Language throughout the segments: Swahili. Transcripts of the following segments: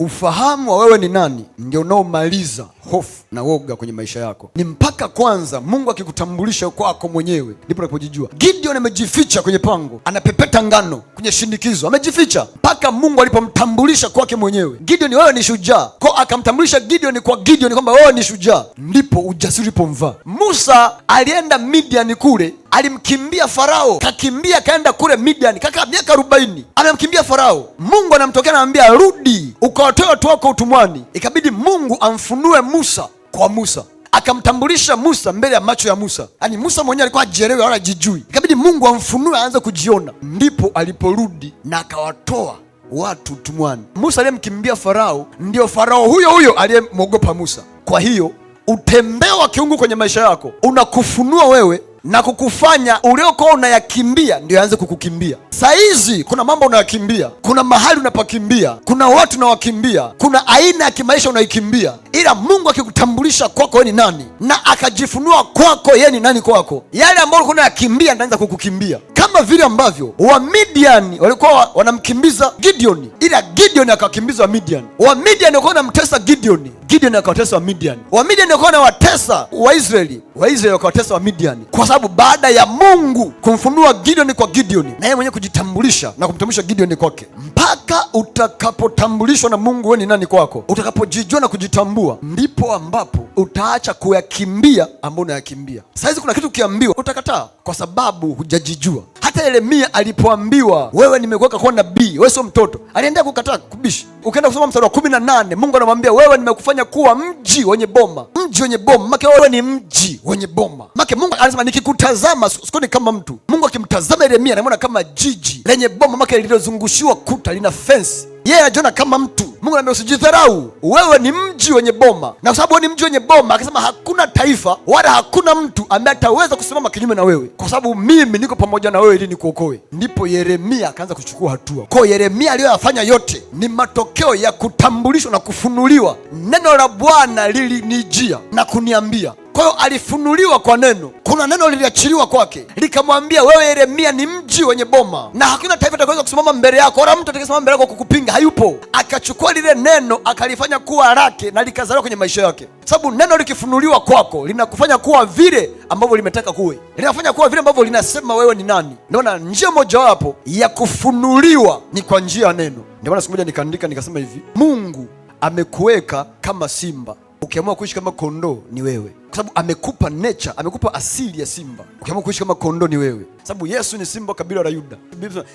ufahamu wa wewe ni nani ndio unaomaliza hofu na woga kwenye maisha yako. Ni mpaka kwanza Mungu akikutambulisha kwako mwenyewe ndipo unapojijua. Gideon amejificha kwenye pango, anapepeta ngano kwenye shinikizo, amejificha mpaka Mungu alipomtambulisha kwake mwenyewe. Gideon, wewe ni shujaa, ko akamtambulisha Gideon kwa Gideon kwamba wewe ni shujaa, ndipo ujasiri ulipomvaa. Musa alienda Midian kule alimkimbia Farao, kakimbia kaenda kule Midian, kaka miaka arobaini amemkimbia Farao. Mungu anamtokea anamwambia, rudi ukawatoe watu wako utumwani. Ikabidi Mungu amfunue Musa kwa Musa akamtambulisha Musa mbele ya macho ya Musa. Yaani Musa mwenyewe alikuwa ajielewe wala ajijui, ikabidi Mungu amfunue aanze kujiona. Ndipo aliporudi na akawatoa watu utumwani. Musa aliyemkimbia Farao ndio Farao huyo huyo aliyemwogopa Musa. Kwa hiyo utembeo wa kiungu kwenye maisha yako unakufunua wewe na kukufanya uliokuwa unayakimbia ndio yaanze kukukimbia. Saa hizi kuna mambo unayakimbia, kuna mahali unapakimbia, kuna watu unawakimbia, kuna aina ya kimaisha unaikimbia ila Mungu akikutambulisha kwako ni nani na akajifunua kwako yeye ni nani kwako, yale ambayo ulikuwa unayakimbia ndaanza kukukimbia, kama vile ambavyo wamidiani walikuwa wanamkimbiza Gideoni, ila Gideoni akawakimbizwa Midian. Wamidian walikuwa wanamtesa Gideoni, Gideoni akawatesa Wamidiani. Wamidiani walikuwa wanawatesa Waisraeli, Waisraeli wakawatesa Wamidiani, kwa sababu baada ya Mungu kumfunua Gideoni kwa Gideoni na yeye mwenyewe kujitambulisha na kumtambulisha Gideoni kwake mpaka utakapotambulishwa na Mungu wewe ni nani kwako, utakapojijua na kujitambua, ndipo ambapo utaacha kuyakimbia ambayo unayakimbia. Sahizi kuna kitu ukiambiwa utakataa, kwa sababu hujajijua. Hata Yeremia alipoambiwa wewe, nimekuweka kuwa nabii, wewe sio mtoto, aliendea kukataa kubishi. Ukienda kusoma mstari wa kumi na nane Mungu anamwambia wewe, nimekufanya kuwa mji wenye boma, mji wenye boma, make wewe ni mji wenye boma. Make Mungu anasema nikikutazama sikoni kama mtu. Mungu akimtazama Yeremia anamwona kama jiji lenye boma, make lililozungushiwa kuta, lina fensi yeye anajiona kama mtu. Mungu anambia usijidharau, wewe ni mji wenye boma, na kwa sababu wewe ni mji wenye boma, akasema hakuna taifa wala hakuna mtu ambaye ataweza kusimama kinyume na wewe, kwa sababu mimi niko pamoja na wewe ili nikuokoe. Ndipo Yeremia akaanza kuchukua hatua. Kwa Yeremia aliyoyafanya yote ni matokeo ya kutambulishwa na kufunuliwa. Neno la Bwana lilinijia na kuniambia kwa hiyo alifunuliwa kwa neno, kuna neno liliachiliwa kwake likamwambia, wewe Yeremia, ni mji wenye boma na hakuna taifa litakaweza kusimama mbele yako, wala mtu atakayesimama mbele yako kukupinga, hayupo. Akachukua lile neno akalifanya kuwa lake na likazaliwa kwenye maisha yake, sababu neno likifunuliwa kwako linakufanya kuwa vile ambavyo limetaka kuwe, linafanya kuwa vile ambavyo linasema wewe ni nani. Naona njia mojawapo ya kufunuliwa ni kwa njia ya neno. Ndio maana siku moja nikaandika nikasema hivi, Mungu amekuweka kama simba Ukiamua kuishi kama kondoo ni wewe, kwa sababu amekupa nature, amekupa asili ya simba. Ukiamua kuishi kama kondoo ni wewe, sababu Yesu ni simba wa kabila la Yuda.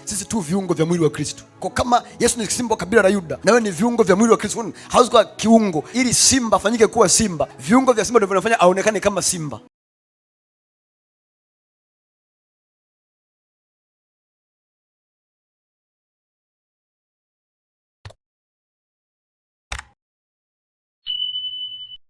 Sisi tu viungo vya mwili wa Kristo. Kwa kama Yesu ni simba wa kabila la Yuda na wewe ni viungo vya mwili wa Kristo, hawezi kuwa kiungo. Ili simba afanyike kuwa simba, viungo vya simba ndio vinafanya aonekane kama simba.